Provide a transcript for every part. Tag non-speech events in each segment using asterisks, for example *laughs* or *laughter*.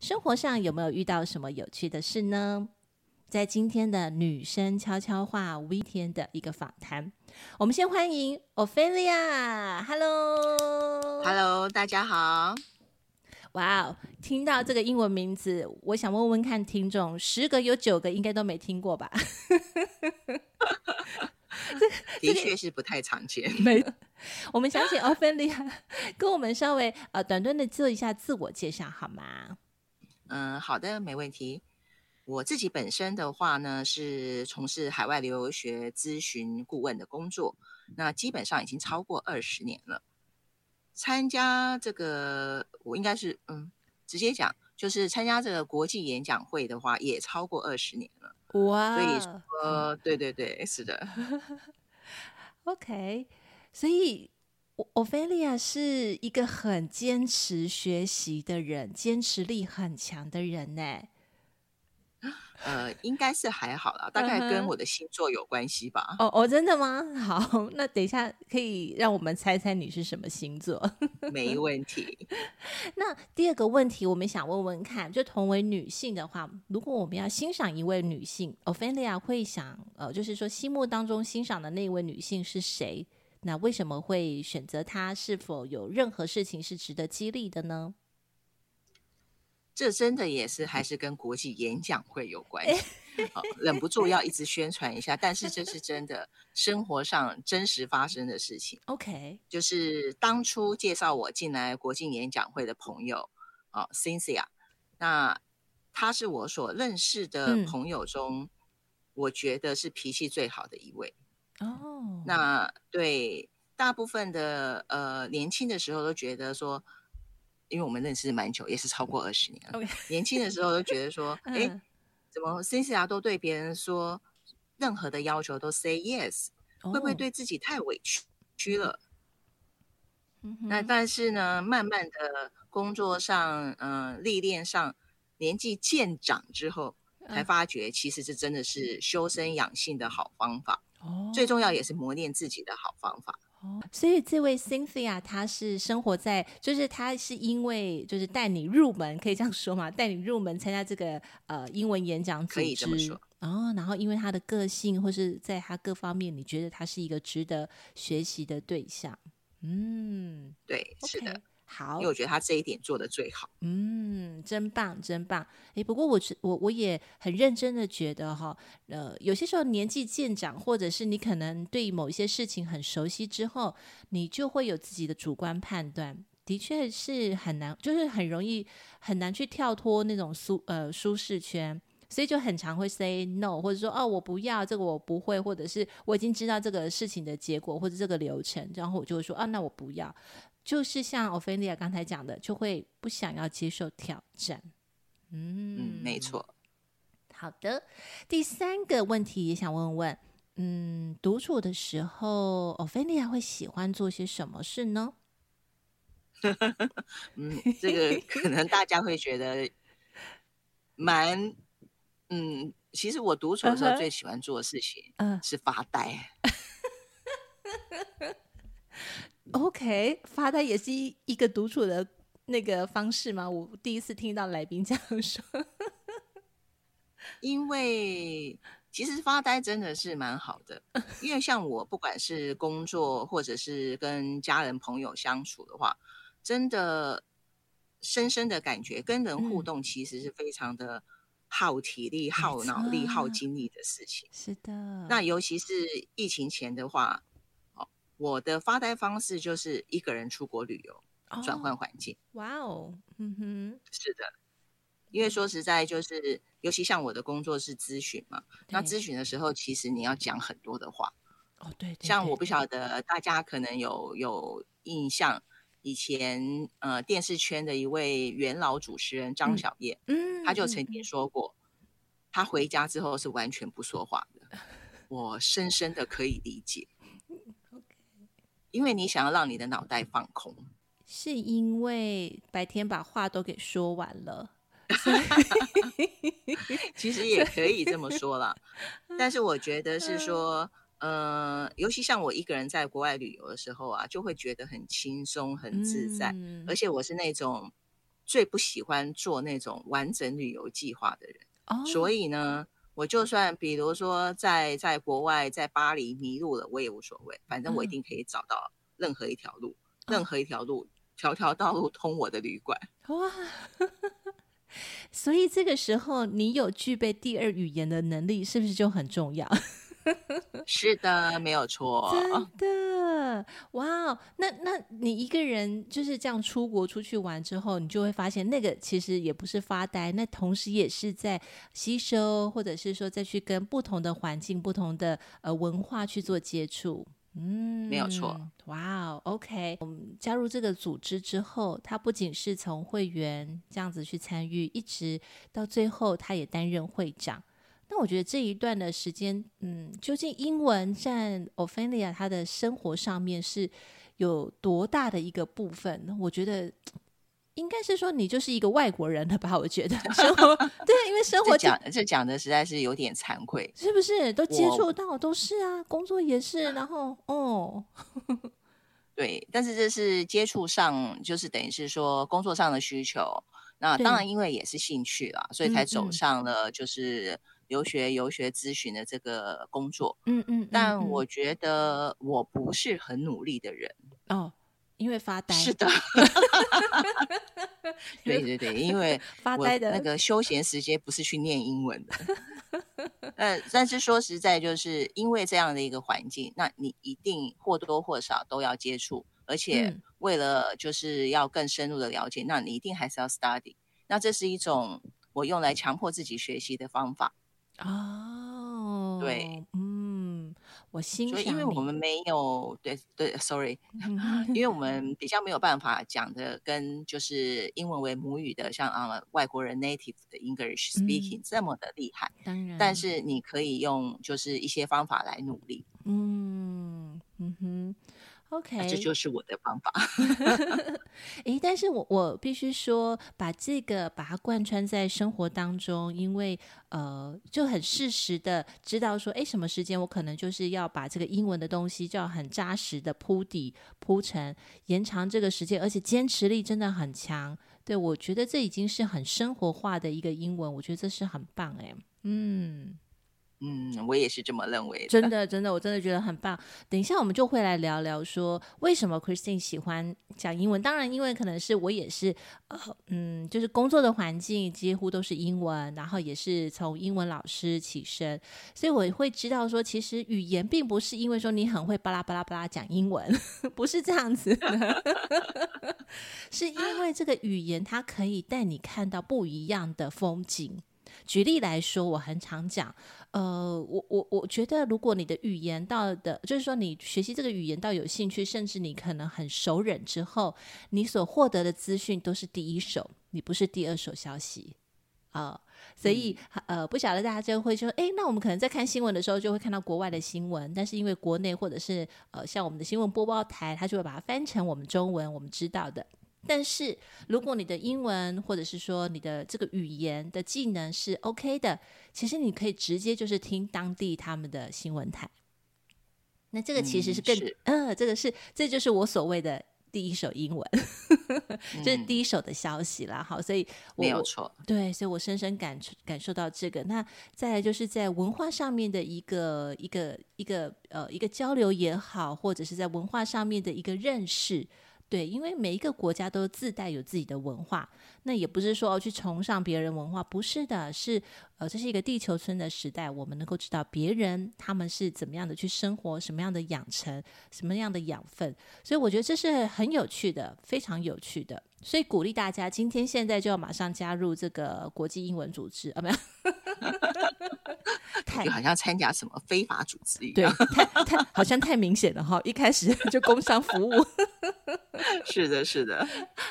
生活上有沒有遇到什麼有趣的事呢？在今天的女生悄悄話 VTN 的一個訪談，我們先歡迎 Ophelia。Hello，Hello，大家好。哇哦，聽到這個英文名字，我想問問看聽眾，十個有九個應該都沒聽過吧？這 *laughs* *laughs* 的確是不太常見。沒，我們想請 Ophelia 跟我們稍微呃，短短的做一下自我介紹好嗎？嗯，好的，沒問題。我自己本身的話呢，是從事海外留學諮詢顧問的工作，那基本上已經超過二十年了。參加這個，我應該是嗯，直接講，就是參加這個國際演講會的話，也超過二十年了。哇！Wow. 所以呃，對對對，是的。 *laughs* OK，所以。Ophelia 是一個很堅持學習的人，堅持力很強的人呢。呃，應該是還好啦，uh huh. 大概跟我的星座有關係吧。哦哦，真的嗎？好，那等一下可以讓我們猜猜你是什麼星座？ *laughs* 沒問題。 *laughs* 那第二個問題，我們想問問看，就同為女性的話，如果我們要欣賞一位女性，Ophelia 會想，呃，就是說心目當中欣賞的那位女性是誰？那為什麼會選擇他？是否有任何事情是值得激勵的呢？這真的也是還是跟國際演講會有關係， *laughs* 哦、忍不住要一直宣傳一下。 *laughs* 但是這是真的，生活上真實發生的事情。OK，就是當初介紹我進來國際演講會的朋友哦，Cynthia，那他是我所認識的朋友中，嗯、我覺得是脾氣最好的一位。哦，oh。那對大部分的呃年輕的時候都覺得說，因為我們認識蠻久，也是超過二十年了。Okay. 年輕的時候都覺得說，哎， *laughs* 怎麼 Christine 都對別人說任何的要求都 say yes，oh。會不會對自己太委屈了？Oh。那但是呢，慢慢的工作上，嗯、呃，歷練上，年紀漸長之後，才發覺，其實這真的是修身養性的好方法。最重要也是磨練自己的好方法。哦，所以這位 Cynthia，她是生活在，就是她是因為就是帶你入門，可以這樣說嘛？帶你入門參加這個呃英文演講組織，可以這麼說。然後，哦，然後因為她的個性或是在她各方面，你覺得她是一個值得學習的對象？嗯，對，Okay 是的。好，因為我覺得他這一點做得最好。嗯，真棒，真棒。哎，不過我我我也很認真的覺得哈，呃，有些時候年紀漸長，或者是你可能對某一些事情很熟悉之後，你就會有自己的主觀判斷。的確是很難，就是很容易很難去跳脫那種舒呃舒適圈，所以就很常會 say no，或者說哦我不要這個我不會，或者是我已經知道這個事情的結果或者這個流程，然後我就會說啊，哦，那我不要。就是像 Ophelia 剛才講的，就會不想要接受挑戰。嗯，嗯，沒錯。好的，第三個問題也想問問，嗯，獨處的時候，Ophelia 會喜歡做些什麼事呢？ *laughs* 嗯，這個可能大家會覺得蠻…… *laughs* 嗯，其實我獨處的時候最喜歡做的事情，嗯，是發呆。Uh huh. Uh huh. *laughs* OK，發呆也是一一個獨處的那個方式嗎？我第一次聽到來賓這樣說。 *laughs* 因為其實發呆真的是蠻好的， *laughs* 因為像我，不管是工作或者是跟家人朋友相處的話，真的深深的感覺，跟人互動其實是非常的耗體力、耗腦力、耗精力的事情。是的。那尤其是疫情前的話。我的發呆方式就是一個人出國旅遊，轉換環境。哇哦、wow. mm，嗯哼，是的，因為說實在，就是、mm hmm. 尤其像我的工作是諮詢嘛，對那諮詢的時候，其實你要講很多的話。哦，oh, 對，對，對，對。像我不曉得大家可能有有印象，以前呃電視圈的一位元老主持人張小燕，嗯、mm，hmm. 他就曾經說過，mm hmm. 他回家之後是完全不說話的。 *laughs* 我深深的可以理解。因為你想要讓你的腦袋放空，是因為白天把話都給說完了， *laughs* 其實也可以這麼說啦。所以 但是我覺得是說，嗯、呃，尤其像我一個人在國外旅遊的時候啊，就會覺得很輕鬆、很自在。嗯、而且我是那種最不喜歡做那種完整旅遊計劃的人，哦、所以呢。我就算比如說在在國外在巴黎迷路了，我也無所謂，反正我一定可以找到任何一條路，嗯、任何一條路，哦、條條道路通我的旅館。哇呵呵，所以這個時候你有具備第二語言的能力，是不是就很重要？ *laughs* 是的，沒有錯。真的，哇，那那你一個人就是這樣出國出去玩之後，你就會發現那個其實也不是發呆，那同時也是在吸收，或者是說再去跟不同的環境、不同的呃文化，去做接觸。嗯，沒有錯。哇，OK，我們加入這個組織之後，他不僅是從會員這樣子去參與，一直到最後他也擔任會長。那我覺得這一段的時間，嗯，究竟英文占 Ophelia 她的生活上面是有多大的一個部分？我覺得應該是說你就是一個外國人了吧？我覺得生活 *laughs* 對，因為生活講這講的實在是有點慚愧，是不是？都接觸到我都是啊，工作也是，然後哦， *laughs* 對，但是這是接觸上，就是等於是說工作上的需求。那當然，因為也是興趣了對所以才走上了就是。嗯嗯留學、遊學諮詢的這個工作，嗯嗯，嗯嗯，但我覺得我不是很努力的人哦，因為發呆。是的， *laughs* *laughs* 對對對，因為發呆的那個休閒時間不是去念英文的。的，但但是說實在，就是因為這樣的一個環境，那你一定或多或少都要接觸，而且為了就是要更深入的了解，那你一定還是要 study。那這是一種我用來強迫自己學習的方法。哦，oh, 對，嗯，我心裡，因為我們沒有，對對，sorry， *laughs* 因為我們比較沒有辦法講的跟就是英文為母語的，像啊、呃、外國人 native 的 English speaking 這麼的厲害，嗯、當然，但是你可以用就是一些方法來努力，嗯嗯哼。OK，啊、這就是我的方法。哎、 *laughs* *laughs* 欸，但是我我必須說，把這個把它貫穿在生活當中，因為呃，就很適時的知道說，哎、欸，什麼時間我可能就是要把這個英文的東西，就要很紮實的鋪底、鋪成、延長這個時間，而且堅持力真的很強。對，我覺得這已經是很生活化的一個英文，我覺得這是很棒，欸。誒嗯。嗯，我也是這麼認為的。真的，真的，我真的覺得很棒。等一下，我們就會來聊聊說為什麼 Christine 喜歡講英文。當然，因為可能是我也是、哦，嗯，就是工作的環境幾乎都是英文，然後也是從英文老師起身，所以我會知道說，其實語言並不是因為說你很會巴拉巴拉巴拉講英文， *laughs* 不是這樣子的， *laughs* 是因為這個語言它可以帶你看到不一樣的風景。舉例來說，我很常講，呃，我我我覺得，如果你的語言到的，就是說你學習這個語言到有興趣，甚至你可能很熟稔之後，你所獲得的資訊都是第一手，你不是第二手消息啊，呃，所以，嗯，呃，不曉得大家就會說，哎，那我們可能在看新聞的時候，就會看到國外的新聞，但是因為國內或者是呃，像我們的新聞播報台，它就會把它翻成我們中文，我們知道的。但是，如果你的英文，或者是說你的這個語言的技能是 OK 的，其實你可以直接就是聽當地他們的新聞台。那這個其實是更嗯是、呃，這個是這個、就是我所謂的第一手英文，這 *laughs* 是第一手的消息啦。好，所以我，沒有錯，對，所以我深深感感受到這個。那再來就是在文化上面的一個一個一個呃一個交流也好，或者是在文化上面的一個認識。對，因為每一個國家都自帶有自己的文化，那也不是說，哦，去崇尚別人文化，不是的，是呃，這是一個地球村的時代，我們能夠知道別人他們是怎麼樣的去生活，什麼樣的養成，什麼樣的養分，所以我覺得這是很有趣的，非常有趣的。所以鼓勵大家，今天現在就要馬上加入這個國際英文組織啊！沒有，哈哈哈，感覺好像參加什麼非法組織一樣，對，太，太，好像太明顯了哈！一開始就工商服務， *laughs* 是的，是的。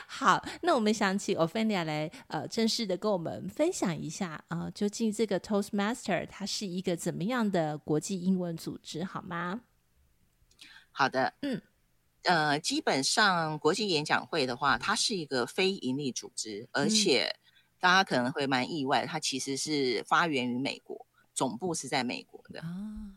好，那我們想請起 Ophelia 來，呃，正式的跟我們分享一下啊、呃，究竟這個 Toastmaster 它是一個怎麼樣的國際英文組織，好嗎？好的，嗯。呃，基本上國際演講會的話，它是一個非營利組織，而且大家可能會蠻意外，嗯、它其實是發源於美國，總部是在美國的。啊、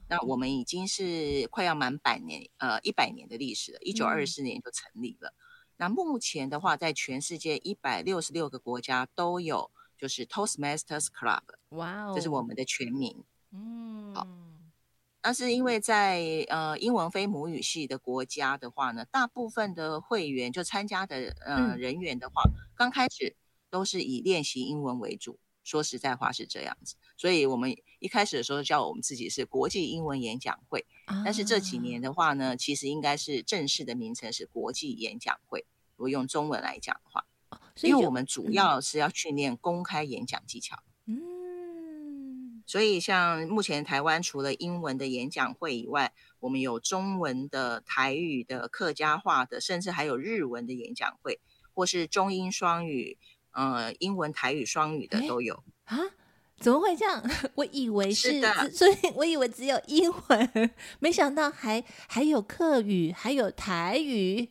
那我們已經是快要滿百年，呃，一百年的歷史了，一九二四年就成立了。嗯、那目前的話，在全世界一百六十六個國家都有，就是 Toastmasters Club，哇哦，這是我們的全名，嗯，好。但是因為在呃英文非母語系的國家的話呢，大部分的會員就參加的人呃、嗯、人員的話，剛開始都是以練習英文為主。說實在話是這樣子，所以我們一開始的時候叫我們自己是國際英文演講會，啊、但是這幾年的話呢，其實應該是正式的名稱是國際演講會。如果用中文來講的話，啊、所以因為我們主要是要訓練公開演講技巧。嗯所以，像目前台灣除了英文的演講會以外，我們有中文的、台語的、客家話的，甚至還有日文的演講會，或是中英雙語、呃，英文台語雙語的都有。欸？啊？怎麼會這樣？我以為是，是的是，所以我以為只有英文，沒想到還還有客語，還有台語。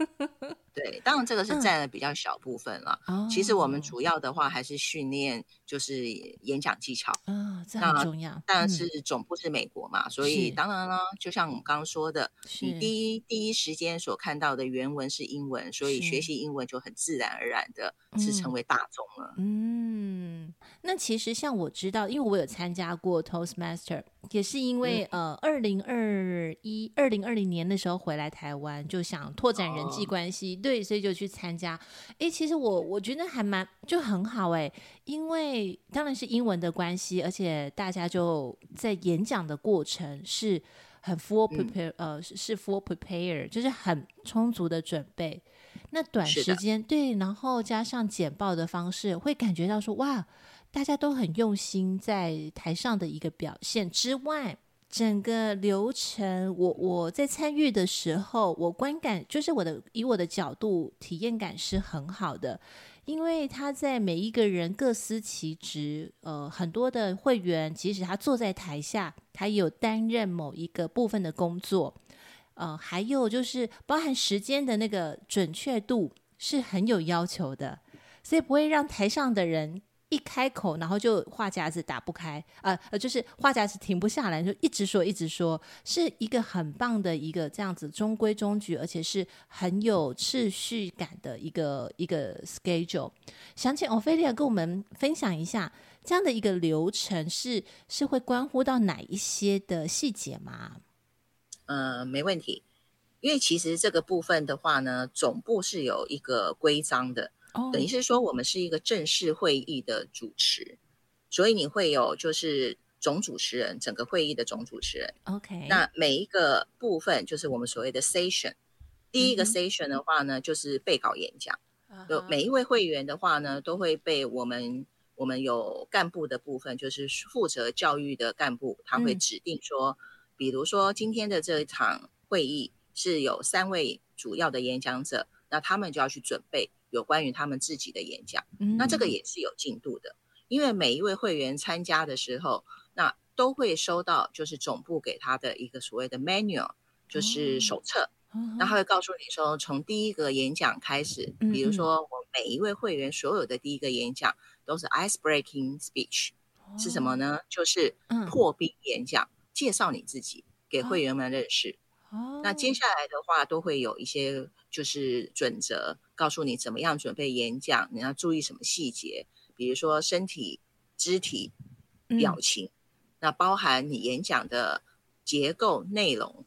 *laughs* 對，當然這個是佔了比較小部分了。嗯、哦，其實我們主要的話還是訓練就是演講技巧啊、哦，這很重要。那嗯、但是總部是美國嘛，是所以當然呢，就像我們剛剛說的，你第一是第一時間所看到的原文是英文，所以學習英文就很自然而然的是成為大眾了嗯。嗯，那其實像我知道，因為我有參加過 Toastmaster，也是因為、嗯、呃，二零二一、二零二零年的時候回來台灣，就想拓展人際關係。哦對，所以就去參加。哎，其實我我覺得還蠻就很好哎、欸，因為當然是英文的關係，而且大家就在演講的過程是很 full prepare，、嗯、呃，是 full prepare，就是很充足的準備。那短時間的對，然後加上簡報的方式，會感覺到說哇，大家都很用心在台上的一個表現之外。整個流程，我我在參與的時候，我觀感就是我的，以我的角度，體驗感是很好的，因為他在每一個人各司其職，呃，很多的會員，即使他坐在台下，他也有擔任某一個部分的工作，呃，還有就是包含時間的那個準確度是很有要求的，所以不會讓台上的人一開口，然後就話匣子打不開，呃呃，就是話匣子停不下來，就一直說一直說，是一個很棒的一個這樣子中規中矩，而且是很有秩序感的一個一個 schedule。想請 Ophelia 跟我們分享一下這樣的一個流程是是會關乎到哪一些的細節嗎？呃，沒問題，因為其實這個部分的話呢，總部是有一個規章的。等於是說，我們是一個正式會議的主持，oh. 所以你會有就是總主持人，整個會議的總主持人。OK，那每一個部分就是我們所謂的 session。第一個 session 的話呢，mm hmm. 就是備稿演講。就、uh huh. 每一位會員的話呢，都會被我們我們有幹部的部分，就是負責教育的幹部，他會指定說，嗯、比如說今天的這一場會議是有三位主要的演講者，那他們就要去準備。有關於他們自己的演講，那這個也是有進度的，因為每一位會員參加的時候，那都會收到就是總部給他的一個所謂的 manual，就是手冊，那他會告訴你說，從第一個演講開始，比如說我每一位會員所有的第一個演講都是 ice breaking speech，是什麼呢？就是破冰演講，介紹你自己，給會員們認識。那接下來的話都會有一些就是準則，告訴你怎麼樣準備演講，你要注意什麼細節，比如說身體、肢體、表情，嗯、那包含你演講的結構、內容，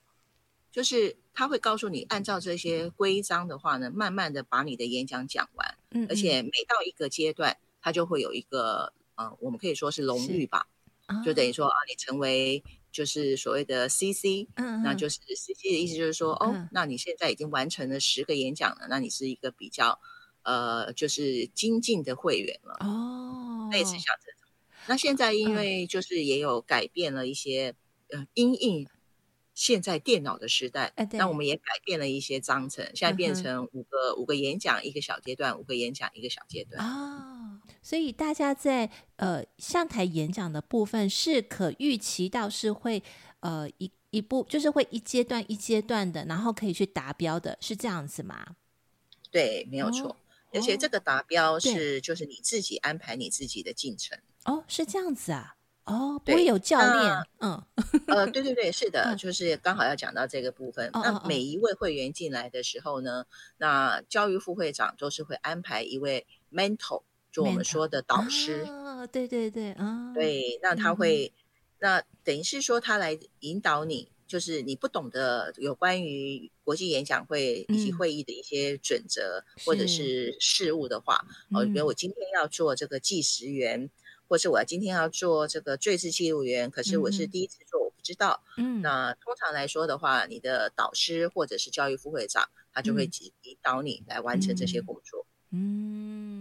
就是他會告訴你，按照這些規章的話呢，嗯、慢慢的把你的演講講完，嗯嗯，而且每到一個階段，他就會有一個、呃、我們可以說是榮譽吧，是就等於說、哦、啊，你成為。就是所謂的 CC，嗯哼，那就是 CC 的意思，就是說，嗯、哼哦，那你現在已經完成了十個演講了，嗯、哼那你是一個比較呃，就是精進的會員了。哦，也是像這種。那現在因為就是也有改變了一些、嗯、哼呃，因應現在電腦的時代，嗯、哼那我們也改變了一些章程，嗯、哼現在變成五個五個演講一個小階段，五個演講一個小階段啊。哦。所以大家在呃上台演講的部分是可預期到是會呃一一步就是會一階段一階段的，然後可以去達標的是這樣子嗎？對，沒有錯。哦、而且這個達標是、哦、就是你自己安排你自己的進程對哦，是這樣子啊？哦，不會有教練？嗯，呃，對對對，是的，嗯、就是剛好要講到這個部分。嗯、那每一位會員進來的時候呢，哦哦哦那教育副會長都是會安排一位 mentor 就我們說的導師，啊、對對對，啊，對，那他會，嗯、那等於是說他來引導你，就是你不懂得有關於國際演講會以及、嗯、會議的一些準則、嗯、或者是事務的話，哦，嗯、比如我今天要做這個計時員，或是我今天要做這個贅詞記錄員，可是我是第一次做，嗯、我不知道，嗯，那通常來說的話，你的導師或者是教育副會長，他就會引引導你來完成這些工作，嗯。嗯嗯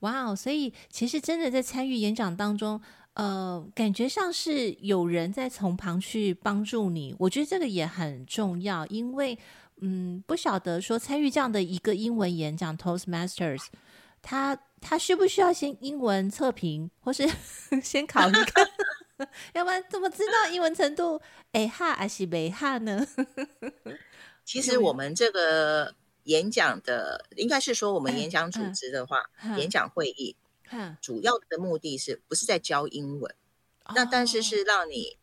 哇哦！Wow, 所以其實真的在參與演講當中，呃，感覺像是有人在從旁去幫助你。我覺得這個也很重要，因為，嗯，不曉得說參與這樣的一個英文演講 Toastmasters，他他需不需要先英文測評，或是呵呵先考一個？ *laughs* *laughs* 要不然怎麼知道英文程度？哎哈，還是沒哈呢？ *laughs* 其實我們這個。演講的應該是說，我們演講組織的話，uh, uh, uh, uh, 演講會議 uh, uh. 主要的目的是不是在教英文？Oh. 那但是是讓你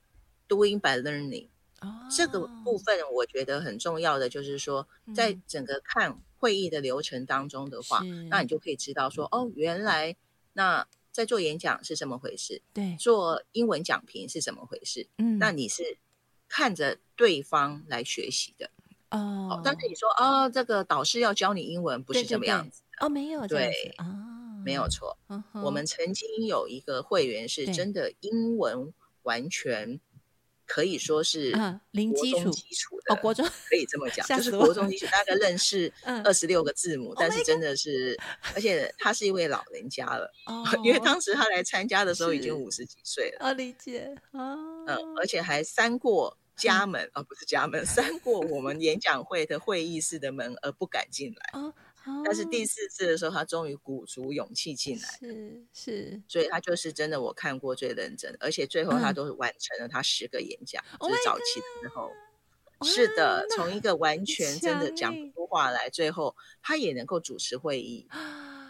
doing by learning 哦，oh. 這個部分我覺得很重要的就是說，oh. 在整個看會議的流程當中的話，mm. 那你就可以知道說，mm. 哦，原來那在做演講是這麼回事，對，做英文講評是怎麼回事？嗯，mm. 那你是看着對方來學習的。哦，但是你說，哦，這個導師要教你英文，不是這麼樣子哦，沒有，對，沒有錯。我們曾經有一個會員是真的英文完全可以說是零基礎基礎的哦，國中可以這麼講，就是國中基礎大概認識二十六個字母，但是真的是，而且他是一位老人家了，因為當時他來參加的時候已經五十幾歲了。哦，理解，嗯，而且還三過。家門啊、嗯哦，不是家門，三 *laughs* 過我們演講會的會議室的門而不敢進來。哦哦、但是第四次的時候，他終於鼓足勇氣進來是。是是，所以他就是真的我看過最認真的，而且最後他都完成了他十個演講。嗯、就是早期的時候。Oh、是的，從、oh、一個完全真的講不出話來，力最後他也能夠主持會議。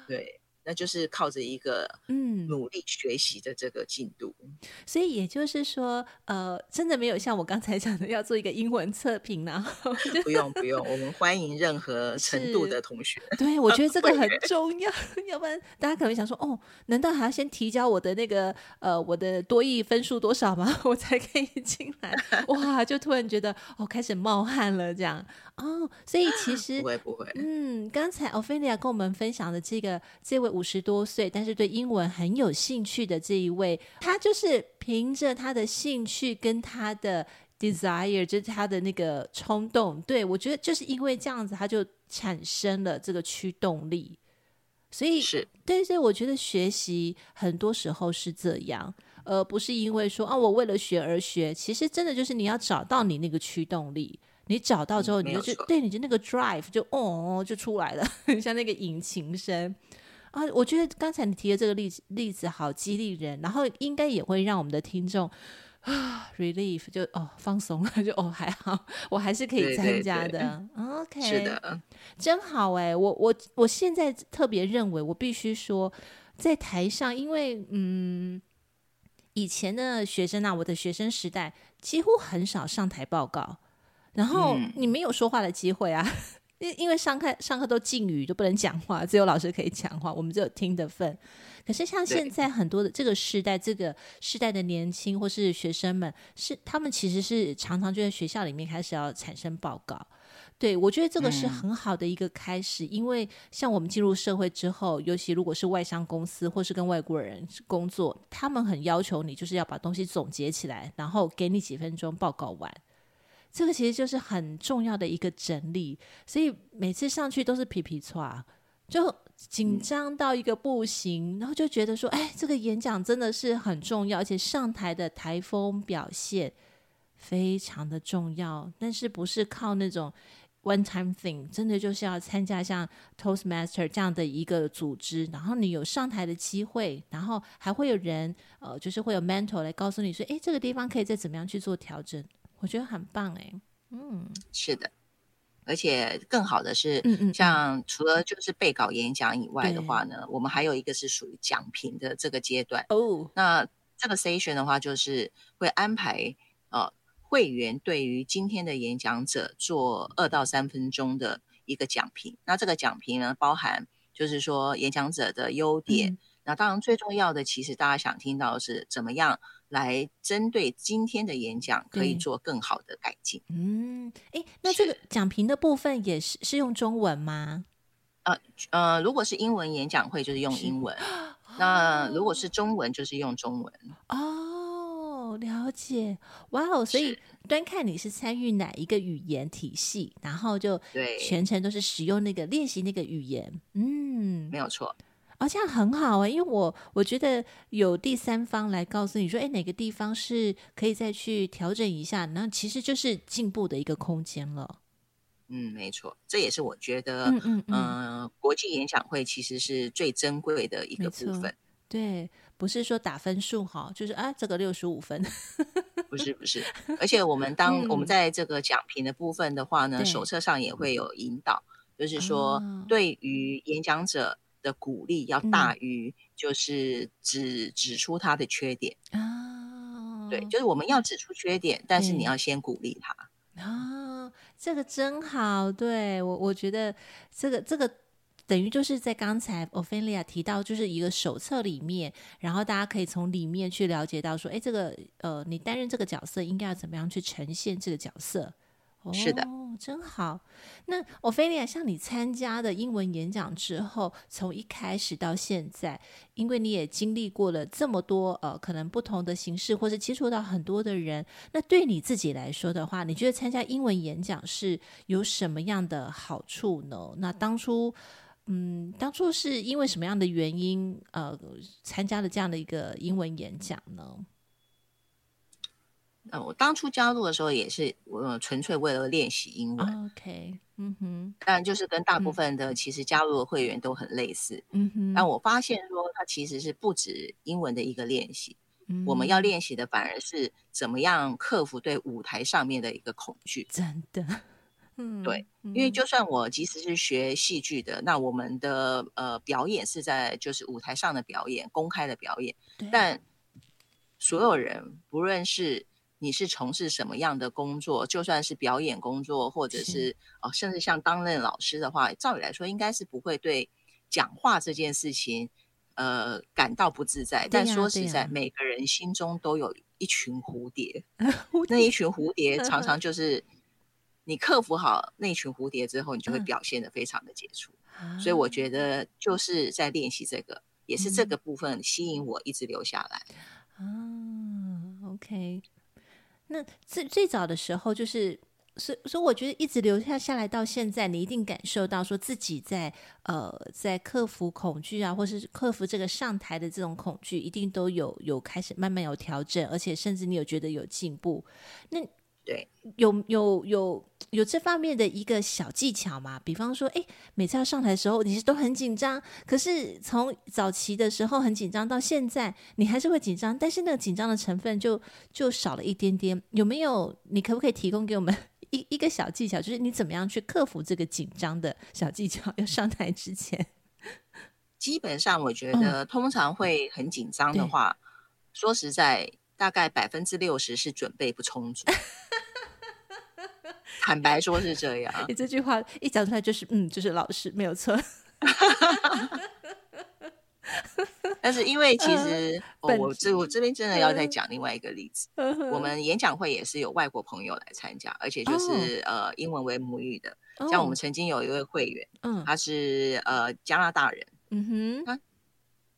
對。那就是靠着一個嗯努力學習的這個進度、嗯，所以也就是說，呃，真的沒有像我剛才講的要做一個英文測評呢。不用不用，我們歡迎任何程度的同學。對，我覺得這個很重要， *laughs* 對要不然大家可能想說，哦，難道還要先提交我的那個呃我的多益分數多少嗎？我才可以進來？哇，就突然覺得哦開始冒汗了這樣哦，所以其實不會不會，嗯，剛才 Ophelia 跟我們分享的這個這位。五十多歲，但是對英文很有興趣的這一位，他就是憑着他的興趣跟他的 desire，就是他的那個衝動。對，我覺得就是因為這樣子，他就產生了這個驅動力。所以是對對，所以我覺得學習很多時候是這樣，而、呃、不是因為說啊，我為了學而學。其實真的就是你要找到你那個驅動力，你找到之後你就就、嗯、對你就那個 drive 就哦，哦，哦就出來了， *laughs* 像那個引擎聲。啊，我覺得剛才你提的這個例子例子，好激勵人，然後應該也會讓我們的聽眾啊 relief 就哦放鬆了，就哦還好，我還是可以參加的。對對對 OK，是的，真好哎！我我我現在特別認為，我必須說，在台上，因為嗯，以前的學生啊，我的學生時代幾乎很少上台報告，然後你沒有說話的機會啊。嗯因因為上課上課都禁語都不能講話，只有老師可以講話，我們只有聽的份。可是像現在很多的這個時代，對這個時代的年輕或是學生們，是他們其實是常常就在學校裡面開始要產生報告。對，我覺得這個是很好的一個開始，嗯、因為像我們進入社會之後，尤其如果是外商公司或是跟外國人工作，他們很要求你就是要把東西總結起來，然後給你幾分鐘報告完。這個其實就是很重要的一個整理，所以每次上去都是皮皮剉啊，就緊張到一個不行，嗯、然後就覺得說，哎，這個演講真的是很重要，而且上台的台風表現非常的重要，但是不是靠那種 one time thing，真的就是要參加像 Toastmaster 這樣的一個組織，然後你有上台的機會，然後還會有人，呃，就是會有 mentor 來告訴你說，哎，這個地方可以再怎麼樣去做調整。我覺得很棒哎、欸，嗯，是的，而且更好的是，嗯嗯，像除了就是背稿演講以外的話呢，對我們還有一個是屬於講評的這個階段哦。Oh. 那這個 session 的話，就是會安排呃會員對於今天的演講者做二到三分鐘的一個講評。那這個講評呢，包含就是說演講者的優點，嗯、那當然最重要的其實大家想聽到的是怎麼樣？來針對今天的演講可以做更好的改進。嗯，哎，那這個講評的部分也是是，是用中文嗎？啊、呃，呃，如果是英文演講會就是用英文，哦、那如果是中文就是用中文。哦，了解。哇哦，所以端看你是參與哪一個語言體系，是然後就對全程都是使用那個練習那個語言。嗯，沒有錯。啊、哦，這樣很好啊、欸，因為我我覺得有第三方來告訴你說，哎，哪個地方是可以再去調整一下，那其實就是進步的一個空間了。嗯，沒錯，這也是我覺得，嗯嗯、嗯、呃、國際演講會其實是最珍貴的一個部分。對，不是說打分數哈，就是啊，這個六十五分， *laughs* 不是不是。而且我們當、嗯、我們在這個講評的部分的話呢，對手冊上也會有引導，嗯、就是說、哦、對於演講者。的鼓勵要大於，就是指、嗯、指出他的缺點啊、哦、對，就是我們要指出缺點，哎、但是你要先鼓勵他啊、哦，這個真好，對，我，我覺得這個這個等於就是在剛才 Ophelia 提到，就是一個手冊裡面，然後大家可以從裡面去了解到說，哎、欸，這個呃，你擔任這個角色應該要怎麼樣去呈現這個角色。哦、是的，真好。那歐菲利亞，像你參加的英文演講之後，從一開始到現在，因為你也經歷過了這麼多呃，可能不同的形式，或是接觸到很多的人，那對你自己來說的話，你覺得參加英文演講是有什麼樣的好處呢？那當初，嗯，當初是因為什麼樣的原因，呃，參加了這樣的一個英文演講呢？嗯，我當初加入的時候也是，我純粹為了練習英文。OK，嗯哼，但就是跟大部分的其實加入的會員都很類似。嗯哼，但我發現說，它其實是不止英文的一個練習。嗯哼，我們要練習的反而是怎麼樣克服對舞台上面的一個恐懼。真的，嗯，對，嗯、因為就算我即使是學戲劇的，嗯、哼那我們的呃表演是在就是舞台上的表演，公開的表演，對但所有人不論是你是從事什麼樣的工作？就算是表演工作，或者是哦是、呃，甚至像擔任老師的話，照理來說應該是不會對講話這件事情，呃，感到不自在。啊、但說實在，啊、每個人心中都有一群蝴蝶， *laughs* 那一群蝴蝶常常就是你克服好那群蝴蝶之後，你就會表現得非常的傑出。嗯、所以我覺得就是在練習這個，嗯、也是這個部分吸引我一直留下來。啊、o、okay、k 那最最早的時候，就是，所以所以，我覺得一直留下下來到現在，你一定感受到說自己在呃，在克服恐懼啊，或是克服這個上台的這種恐懼，一定都有有開始慢慢有調整，而且甚至你有覺得有進步。那。對，有有有有這方面的一個小技巧嘛？比方說，哎，每次要上台的時候，你是都很緊張。可是從早期的時候很緊張，到現在你還是會緊張，但是那個緊張的成分就就少了一點點。有沒有？你可不可以提供給我們一一,一個小技巧，就是你怎麼樣去克服這個緊張的小技巧？要、嗯、上台之前，基本上我覺得通常會很緊張的話，說實在。大概百分之六十是準備不充足， *laughs* 坦白說是這樣。 *laughs* 你這句話一講出來就是嗯，就是老師沒有錯。 *laughs* *laughs* 但是因為其實我這我這邊真的要再講另外一個例子，uh, uh huh. 我們演講會也是由外國朋友來參加，而且就是、oh. 呃英文為母語的，像我們曾經有一位會員，oh. 他是、呃、加拿大人，嗯哼、uh。Huh. 啊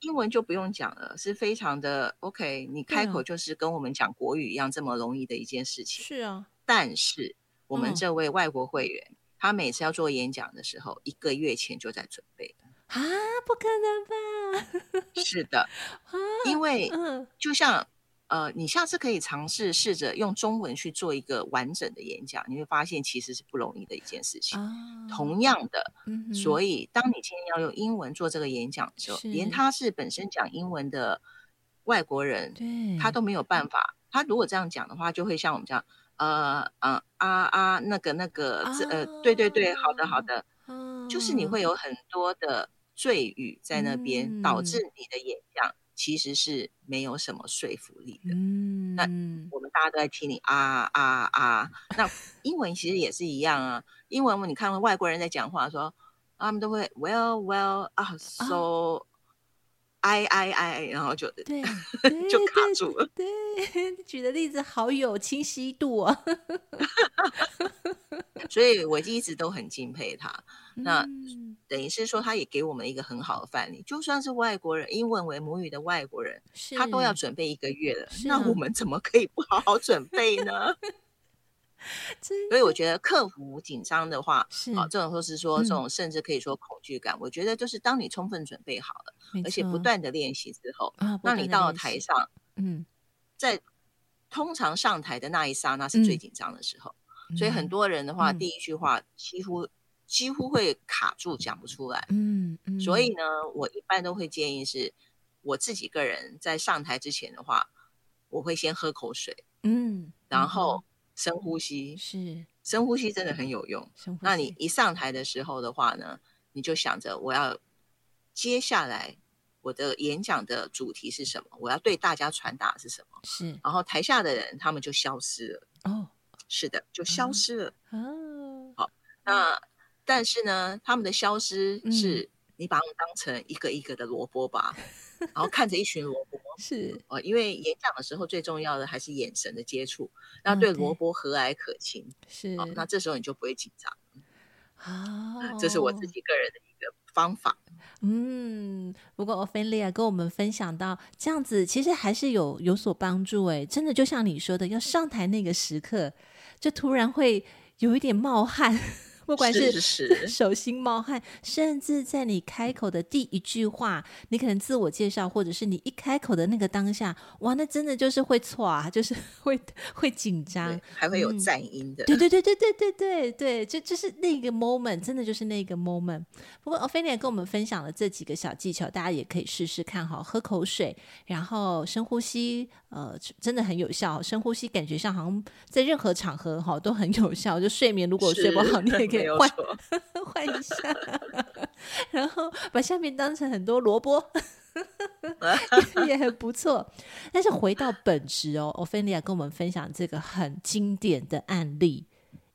英文就不用講了，是非常的 OK。你開口就是跟我們講國語一樣這麼容易的一件事情。是啊，但是、嗯、我們這位外國會員，他每次要做演講的時候，一個月前就在準備。啊，不可能吧？是的， *laughs* 啊、因為、嗯、就像。呃，你下次可以嘗試試着用中文去做一個完整的演講，你會發現其實是不容易的一件事情。哦、同樣的，嗯、哼所以當你今天要用英文做這個演講的時候，是連他是本身講英文的外國人，對他都沒有辦法。嗯、他如果這樣講的話，就會像我們這樣，呃，呃啊啊，那個那個，這、哦、呃，對對對，好的好的，哦、就是你會有很多的贅語在那邊，嗯、導致你的演講。其實是沒有什麼說服力的。嗯，那我們大家都在聽你啊，啊啊啊。那英文其實也是一樣啊， *laughs* 英文你看到外國人在講話說，他們都會 well well、uh, so, 啊，so。哎哎哎，然後就對對對 *laughs* 就卡住了對對。對，舉的例子好有清晰度、啊， *laughs* *laughs* 所以我一直都很敬佩他。那、嗯、等於是說，他也給我們一個很好的範例。就算是外國人，英文為母語的外國人，是他都要準備一個月了。啊、那我們怎麼可以不好好準備呢？ *laughs* 所以我覺得克服緊張的話，啊，這種說是說這種，甚至可以說恐懼感，我覺得就是當你充分準備好了，而且不斷的練習之後，那你到了台上，在通常上台的那一剎那是最緊張的時候，所以很多人的話，第一句話幾乎幾乎會卡住，講不出來，嗯，所以呢，我一般都會建議是，我自己個人在上台之前的話，我會先喝口水，嗯，然後。深呼吸是，深呼吸真的很有用。嗯、那你一上台的時候的話呢，你就想着我要接下來我的演講的主題是什麼，我要對大家傳達是什麼。是，然後台下的人他們就消失了哦，是的，就消失了。哦，好，那、嗯、但是呢，他們的消失是、嗯、你把我當成一個一個的蘿蔔吧？ *laughs* 然後看着一群蘿蔔，是哦，因為演講的時候最重要的還是眼神的接觸，要對蘿蔔和藹可親，是、哦哦、那這時候你就不會緊張啊。是，這是我自己個人的一個方法。哦、嗯，不過 Ophelia 跟我們分享到，這樣子其實還是有有所幫助誒，真的就像你說的，要上台那個時刻，就突然會有一點冒汗。 *laughs* 不管是，是，是，是手心冒汗，甚至在你開口的第一句話，你可能自我介紹，或者是你一開口的那個當下，哇，那真的就是會錯啊，就是會會緊張，還會有顫音的、嗯。對對對對對對對對，就就是那個 moment，真的就是那個 moment。不過，Ophelia 跟我們分享了這幾個小技巧，大家也可以試試看。哈，喝口水，然後深呼吸，呃，真的很有效。深呼吸感覺上好像在任何場合哈都很有效。就睡眠如果睡不好，是你也可以。換呵呵換一下， *laughs* 然後把下面當成很多蘿蔔 *laughs* 也，也很不錯。但是回到本職哦，Ophelia 跟我們分享這個很經典的案例，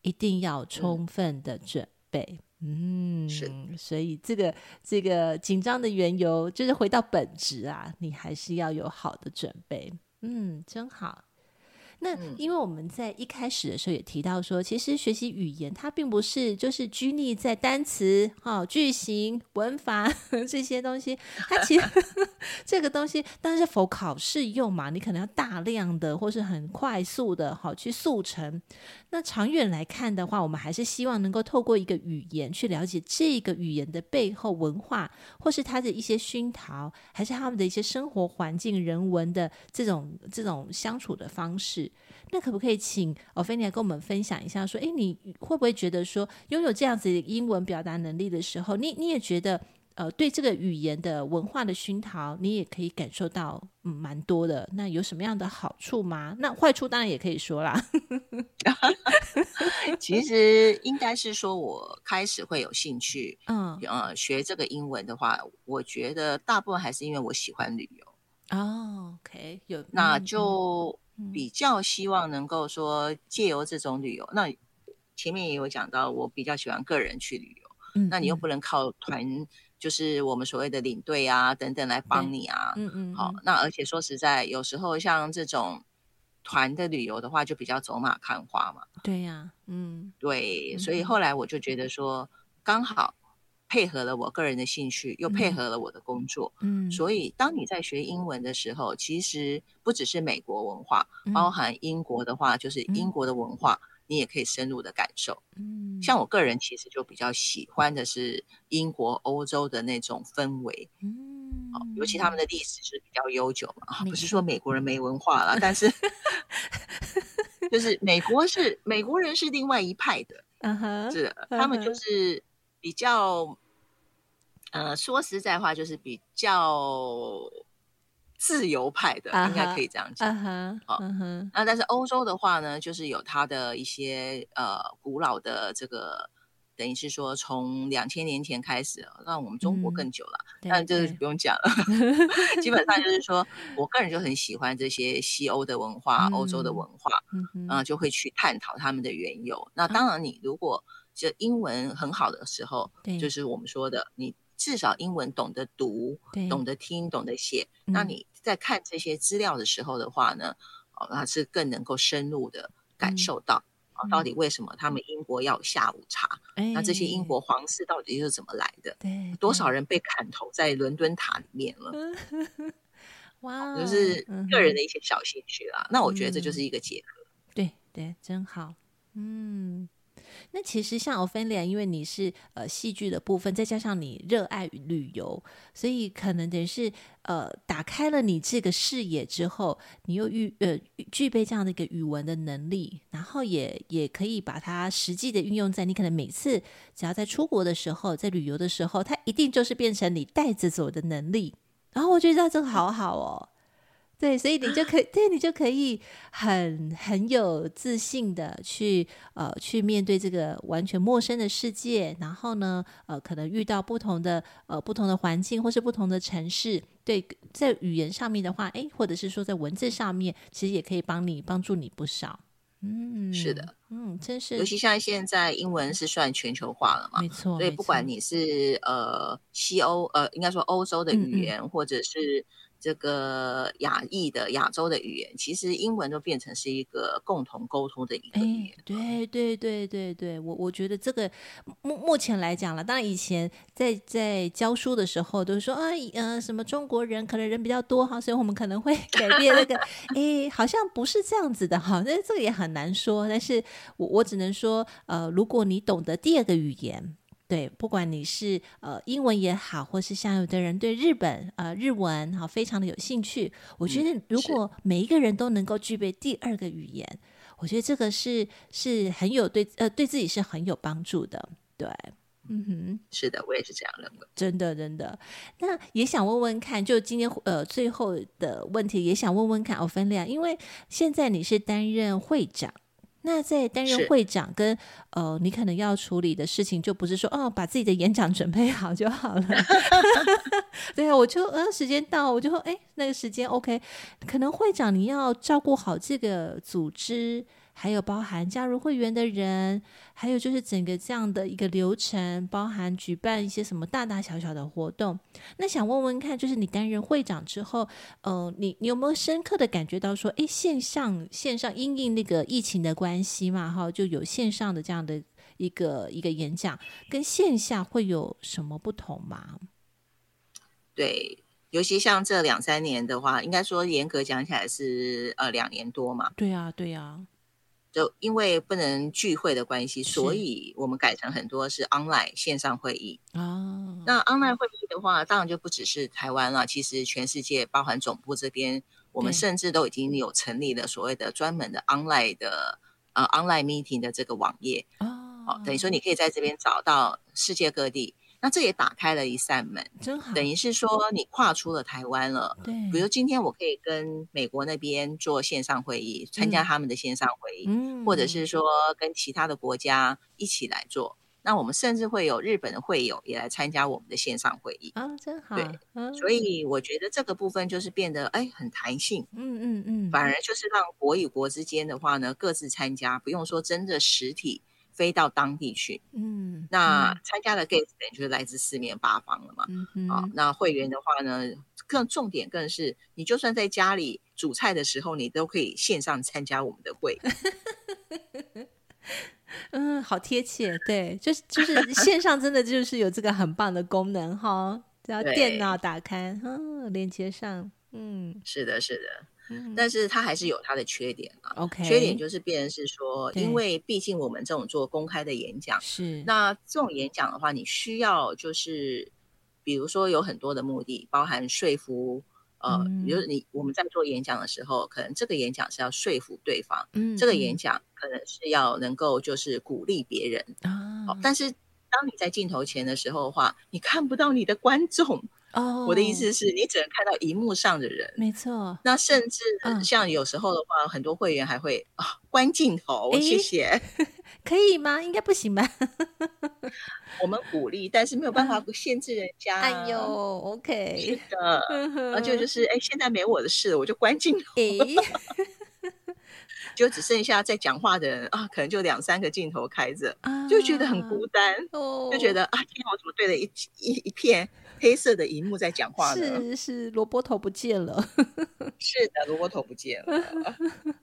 一定要充分的準備。嗯，嗯是所以這個這個緊張的緣由就是回到本職啊，你還是要有好的準備。嗯，真好。那因為我們在一開始的時候也提到說，其實學習語言它並不是就是拘泥在單詞、哈、哦、句型、文法這些東西。它其實 *laughs* 這個東西，當然是 for 考試用嘛，你可能要大量的或是很快速的好去速成。那長遠來看的話，我們還是希望能夠透過一個語言去了解這個語言的背後文化，或是它的一些熏陶，還是他們的一些生活環境、人文的這種這種相處的方式。那可不可以請 Ophelia 來跟我們分享一下？說，哎，你會不會覺得說，擁有這樣子的英文表達能力的時候，你你也覺得，呃，對這個語言的文化的熏陶，你也可以感受到，嗯，蠻多的。那有什麼樣的好處嗎？那壞處當然也可以說啦。 *laughs* 其實應該是說，我開始會有興趣，嗯，呃、嗯，學這個英文的話，我覺得大部分還是因為我喜歡旅遊。哦，OK，有那就。嗯嗯，比較希望能夠說借由這種旅遊，那前面也有講到，我比較喜歡個人去旅遊。嗯，那你又不能靠團，就是我們所謂的領隊啊等等來幫你啊。對好嗯，嗯嗯。好，那而且說實在，有時候像這種團的旅遊的話，就比較走馬看花嘛。對呀，啊。嗯。對，所以後來我就覺得說，剛好。配合了我個人的興趣，又配合了我的工作，嗯，所以當你在學英文的時候，其實不只是美國文化，包含英國的話，就是英國的文化，你也可以深入的感受，嗯，像我個人其實就比較喜歡的是英國歐洲的那種氛圍，嗯，尤其他們的歷史是比較悠久嘛，不是說美國人沒文化啦，但是，就是美國是美國人是另外一派的，是的，他們就是比較。呃，說實在話，就是比較自由派的，應該可以這樣講。哦，那但是歐洲的話呢，就是有它的一些呃古老的這個，等於是說從兩千年前開始，讓我們中國更久了，但就是不用講了。基本上就是說，我個人就很喜歡這些西歐的文化、歐洲的文化，嗯，就會去探討他們的緣由。那當然，你如果是英文很好的時候，就是我們說的你。至少英文懂得讀，對懂得聽，懂得寫。嗯、那你在看這些資料的時候的話呢，嗯、哦，那是更能夠深入的感受到、嗯、啊，到底為什麼他們英國要下午茶？嗯、那這些英國皇室到底是怎麼來的？對、哎，多少人被砍頭在倫敦塔裡面了？哇，就是個人的一些小興趣啦、啊。嗯、那我覺得這就是一個結合。對對，真好。嗯。那其實像 Ophelia，因為你是呃戲劇的部分，再加上你熱愛旅遊，所以可能等於是呃打開了你這個視野之後，你又預呃具備這樣的一個語文的能力，然後也也可以把它實際的運用在你可能每次只要在出國的時候，在旅遊的時候，它一定就是變成你帶着走的能力。然後我覺得這個好好哦。對，所以你就可以，對你就可以很很有自信的去呃去面對這個完全陌生的世界，然後呢呃可能遇到不同的呃不同的環境或是不同的城市，對，在語言上面的話，誒或者是說在文字上面，其實也可以幫你幫助你不少。嗯，是的，嗯，真是，尤其像現在英文是算全球化了嘛，沒錯，沒錯，所以不管你是呃西歐呃應該說歐洲的語言、嗯嗯、或者是。這個亞裔的亞洲的語言，其實英文都變成是一個共同溝通的語言。對、哎、對對對對，我我覺得這個目目前來講了，當然以前在在教書的時候都說啊，嗯、呃，什麼中國人可能人比較多哈，所以我們可能會改變那個， *laughs* 哎，好像不是這樣子的哈，那這個也很難說。但是我我只能說，呃，如果你懂得第二個語言。對，不管你是呃英文也好，或是像有的人對日本呃日文哈、哦、非常的有興趣，我覺得如果每一個人都能夠具備第二個語言，嗯、我覺得這個是是很有對呃對自己是很有幫助的。對，嗯哼，是的，我也是這樣認為，真的真的。那也想問問看，就今天呃最後的問題，也想問問看 Ophelia，因為現在你是擔任會長。那在擔任會長跟，跟是呃，你可能要處理的事情就不是說，哦，把自己的演講準備好就好了。 *laughs* *laughs* 對啊，我就呃，時間到，我就說哎、欸，那個時間 OK。可能會長你要照顧好這個組織。還有包含加入會員的人，還有就是整個這樣的一個流程，包含舉辦一些什麼大大小小的活動。那想問問看，就是你擔任會長之後，嗯、呃，你你有沒有深刻的感覺到說，哎，線上線上因應那個疫情的關係嘛，哈，就有線上的這樣的一個一個演講，跟線下會有什麼不同嗎？對，尤其像這兩三年的話，應該說嚴格講起來是呃兩年多嘛。對啊，對啊。就因為不能聚會的關係，所以我們改成很多是 online 線上會議哦。Oh. 那 online 會議的話，當然就不只是台灣了，其實全世界，包含總部這邊，我們甚至都已經有成立了所謂的專門的 online 的、oh. 呃 online meeting 的這個網頁哦，等於說你可以在這邊找到世界各地。那這也打開了一扇門，真好。等於是說，你跨出了台灣了。對。比如今天我可以跟美國那邊做線上會議，嗯、參加他們的線上會議，嗯、或者是說跟其他的國家一起來做。嗯、那我們甚至會有日本的會友也來參加我們的線上會議啊，真好。對。嗯、所以我覺得這個部分就是變得哎很彈性。嗯嗯嗯。嗯嗯反而就是讓國與國之間的話呢，各自參加，不用說真的實體。飛到當地去，嗯，嗯那參加的 guest 就是來自四面八方了嘛，嗯，嗯，哦，那會員的話呢，更重點更是，你就算在家裡煮菜的時候，你都可以線上參加我們的會。 *laughs* 嗯，好貼切，對， *laughs* 就是就是線上真的就是有這個很棒的功能哈， *laughs* 只要電腦打開，嗯，連接上，嗯，是的，是的。但是他還是有他的缺點啊。OK，缺點就是變成是說，因為畢竟我們這種做公開的演講，是那這種演講的話，你需要就是，比如說有很多的目的，包含說服，呃，比如你我們在做演講的時候，可能這個演講是要說服對方，嗯，這個演講可能是要能夠就是鼓勵別人啊。但是當你在鏡頭前的時候的話，你看不到你的觀眾。Oh, 我的意思是，你只能看到熒幕上的人，沒錯錯。那甚至像有時候的話，很多會員還會啊，啊關鏡頭，謝謝、欸。可以嗎？應該不行吧？ *laughs* 我們鼓勵，但是沒有辦法不限制人家。啊、哎呦，OK，是的。而 *laughs* 就，就是，哎、欸，現在沒我的事，我就關鏡頭。欸、 *laughs* 就只剩下在講話的人啊，可能就兩三個鏡頭開着，啊、就覺得很孤單。Oh. 就覺得啊，今天我怎麼對了一一,一片？黑色的熒幕在講話呢，是是，蘿蔔頭不見了， *laughs* 是的，蘿蔔頭不見了。 *laughs*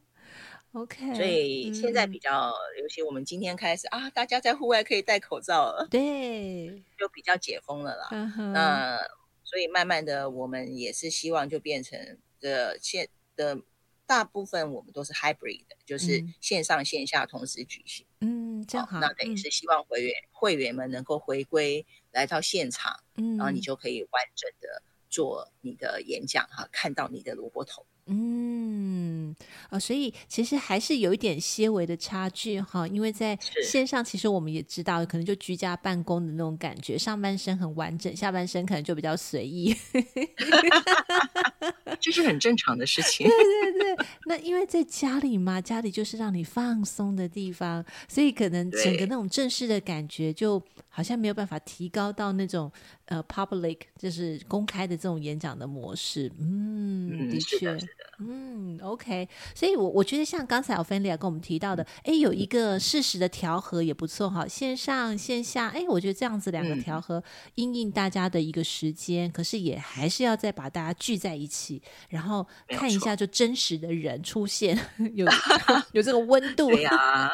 OK，所以現在比較，嗯、尤其我們今天開始啊，大家在戶外可以戴口罩了，對，就比較解封了啦。嗯呵、呃，所以慢慢的，我們也是希望就變成的線的大部分，我們都是 hybrid，就是線上線下同時舉行。嗯，好這樣好，那等於是希望會員、嗯、會員們能夠回歸。來到現場，嗯，然後你就可以完整的做你的演講哈，看到你的蘿蔔頭。嗯啊、哦，所以其實還是有一點些微的差距哈，因為在線上，其實我們也知道，可能就居家辦公的那種感覺，上半身很完整，下半身可能就比較隨意，這 *laughs* *laughs* 是很正常的事情。 *laughs* 對對對，那因為在家裡嘛，家裡就是讓你放鬆的地方，所以可能整個那種正式的感覺，就好像沒有辦法提高到那種對呃 public 就是公開的這種演講的模式。嗯，的確。嗯嗯，OK，所以我，我我覺得像剛才 Ophelia 跟我們提到的，哎，有一個適時的調和也不錯哈，線上線下，哎，我覺得這樣子兩個調和，應、嗯、應大家的一個時間，可是也還是要再把大家聚在一起，然後看一下就真實的人出現，錯 *laughs* 有有這個溫度，呀、 *laughs* 啊。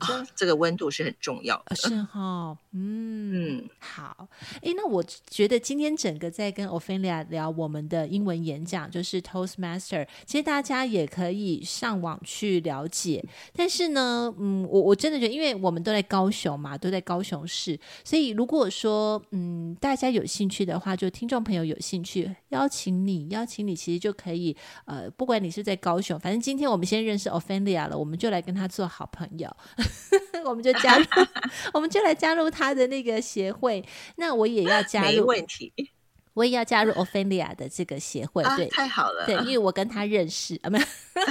哦、這個溫度是很重要的，哦、是哈，嗯，嗯，好，哎，那我覺得今天整個在跟 Ophelia 聊我們的英文演講，就是 Toastmaster，其實大家也可以上網去了解。但是呢，嗯，我我真的覺得，因為我們都在高雄嘛，都在高雄市，所以如果說嗯大家有興趣的話，就聽眾朋友有興趣，邀請你邀請你，其實就可以，呃，不管你是在高雄，反正今天我們先認識 Ophelia 了，我們就來跟他做好朋友。 *laughs* 我們就加入， *laughs* 我們就來加入他的那個協會。那我也要加入，沒問題。我也要加入 Ophelia 的這個協會，啊、對，太好了。對，因為我跟他認識啊，沒有。 *laughs*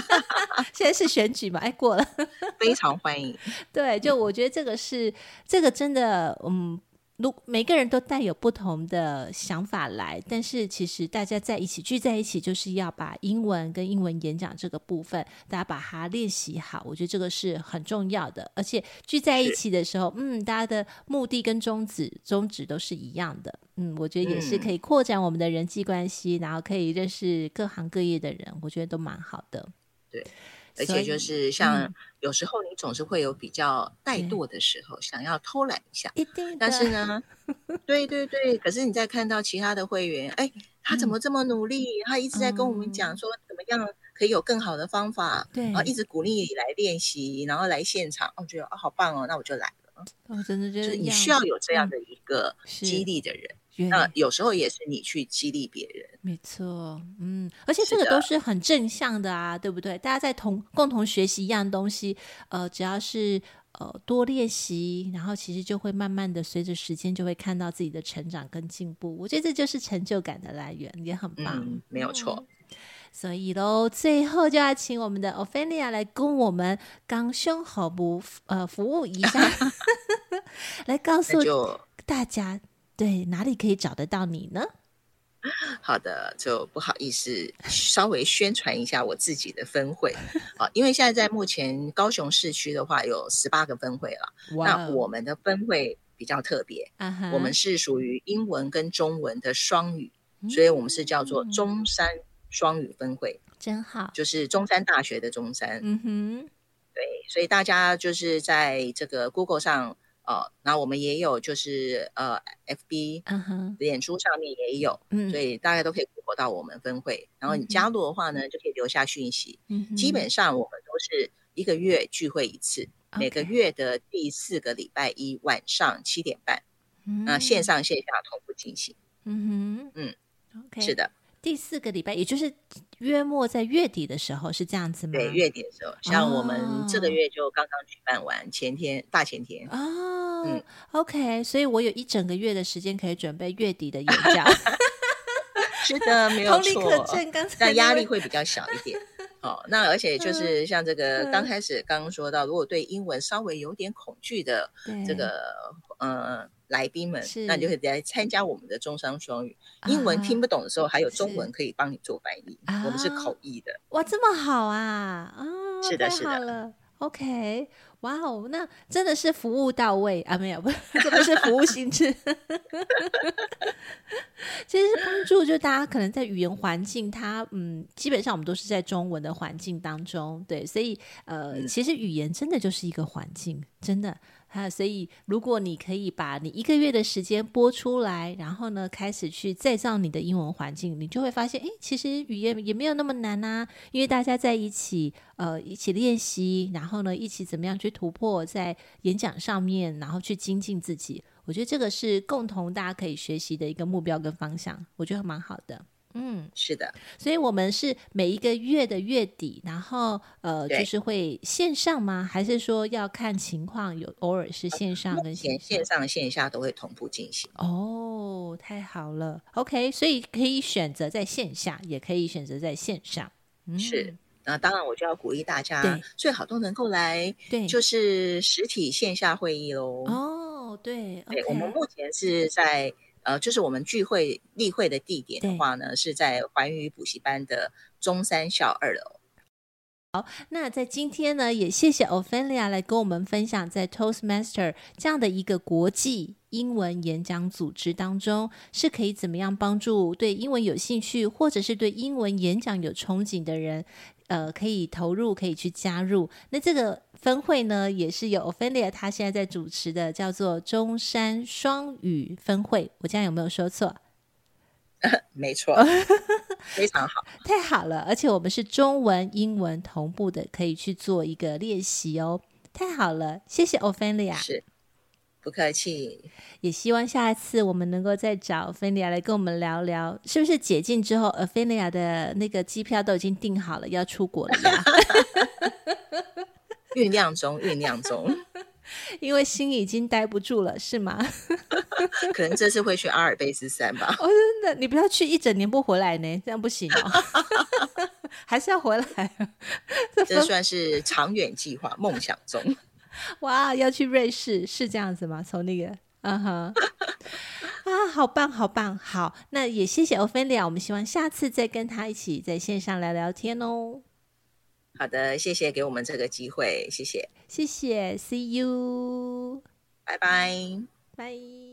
現在是選舉嘛， *laughs* 哎，過了， *laughs* 非常歡迎。對，就我覺得這個是這個真的，嗯。如每個人都帶有不同的想法來，但是其實大家在一起聚在一起，就是要把英文跟英文演講這個部分，大家把它練習好。我覺得這個是很重要的，而且聚在一起的時候，是嗯，大家的目的跟宗旨宗旨都是一樣的。嗯，我覺得也是可以擴展我們的人際關係，嗯、然後可以認識各行各業的人，我覺得都蠻好的。對。嗯、而且就是像有時候你總是會有比較怠惰的時候，想要偷懶一下，一定但是呢， *laughs* 對對對，可是你在看到其他的會員，哎，他怎麼這麼努力？嗯、他一直在跟我們講說怎麼樣可以有更好的方法，對、嗯，啊，一直鼓勵你來練習，對然後來現場，我覺得啊，好棒哦，那我就來了。我真的就是你需要有這樣的一個激勵的人。嗯。呃，那有時候也是你去激勵別人，沒錯，嗯，而且這個都是很正向的啊，的對不對？大家在同共同學習一樣東西，呃，只要是呃多練習，然後其實就會慢慢的隨着時間，就會看到自己的成長跟進步。我覺得這就是成就感的來源，也很棒，嗯、沒有錯。嗯、所以嘍，最後就要請我們的 Ophelia 來跟我們剛生活不呃服務一下， *laughs* *laughs* 來告訴大家。對，哪裡可以找得到你呢？好的，就不好意思，稍微宣傳一下我自己的分會 *laughs* 啊，因為現在在目前高雄市區的話有十八個分會了。Wow. 那我們的分會比較特別，uh huh. 我們是屬於英文跟中文的雙語，uh huh. 所以我們是叫做中山雙語分會，真好，就是中山大學的中山。嗯哼，uh huh. 對，所以大家就是在這個 Google 上。哦，然後我們也有，就是呃，FB、uh huh. 臉書上面也有，嗯、mm，hmm. 所以大家都可以 follow 到我們分會。然後你加入的話呢，mm hmm. 就可以留下訊息。嗯、mm，hmm. 基本上我們都是一個月聚會一次，Okay. 每個月的第四個禮拜一晚上七點半，嗯、mm，hmm. 線上線下同步進行。Mm hmm. 嗯哼，嗯，OK，是的。第四個禮拜，也就是約莫在月底的時候，是這樣子嗎？對，月底的時候，像我們這個月就剛剛舉辦完，哦、前天、大前天。哦、嗯，OK，所以我有一整個月的時間可以準備月底的演講，是 *laughs* 的，沒有錯。但壓力會比較小一點。 *laughs* 哦，那而且就是像這個剛開始剛剛說到，對如果對英文稍微有點恐懼的這個對呃來賓們，是那你就可以來參加我們的中山雙語。啊、英文聽不懂的時候，還有中文可以幫你做翻譯，是我們是口譯的、啊。哇，這麼好啊！啊，是的，是的，是的，OK。哇哦，wow, 那真的是服務到位啊！沒有不是，真的是服務性質？ *laughs* *laughs* 其實是幫助，就大家可能在語言環境它，它嗯，基本上我們都是在中文的環境當中，對，所以呃，其實語言真的就是一個環境，真的。啊，所以如果你可以把你一個月的時間撥出來，然後呢開始去再造你的英文環境，你就會發現，哎，其實語言也沒有那麼難啊。因為大家在一起，呃，一起練習，然後呢一起怎麼樣去突破在演講上面，然後去精進自己，我覺得這個是共同大家可以學習的一個目標跟方向，我覺得蠻好的。嗯，是的，所以我們是每一個月的月底，然後呃，對就是會線上嗎？還是說要看情況有？有偶爾是線上跟線，線上線下都會同步進行。哦，太好了，OK，所以可以選擇在線下，也可以選擇在線上。嗯，是，那當然我就要鼓勵大家，對最好都能夠來，就是實體線下會議嘍。對對哦，對，對 okay 我們目前是在。呃，就是我們聚會例會的地點的話呢，對是在寰宇補習班的中山校二樓。好，那在今天呢，也謝謝 Ophelia 來跟我們分享，在 Toastmaster 這樣的一個國際英文演講組織當中，是可以怎麼樣幫助對英文有興趣，或者是對英文演講有憧憬的人。呃，可以投入，可以去加入。那這個分會呢，也是有 Ophelia 他現在在主持的，叫做中山雙語分會。我這樣有沒有說錯？沒錯， *laughs* 非常好，太好了！而且我們是中文、英文同步的，可以去做一個練習哦。太好了，謝謝 Ophelia。是。不客氣，也希望下一次我們能夠再找 Ophelia 來跟我們聊聊，是不是解禁之後，Ophelia 的那個機票都已經訂好了，要出國了？醞釀中，醞釀中， *laughs* 因為心已經待不住了，是嗎？ *laughs* *laughs* 可能這次會去阿爾卑斯山吧。哦 *laughs* ，oh, 真的，你不要去一整年不回來呢，這樣不行哦， *laughs* 還是要回來。這算是長遠計劃，夢想中。哇，要去瑞士是這樣子嗎？從那個，啊、uh、哈、huh、 *laughs* 啊，好棒，好棒，好，那也謝謝 Ophelia，我們希望下次再跟他一起在線上聊聊天哦。好的，謝謝給我們這個機會，謝謝，謝謝，See you，拜拜，拜 bye。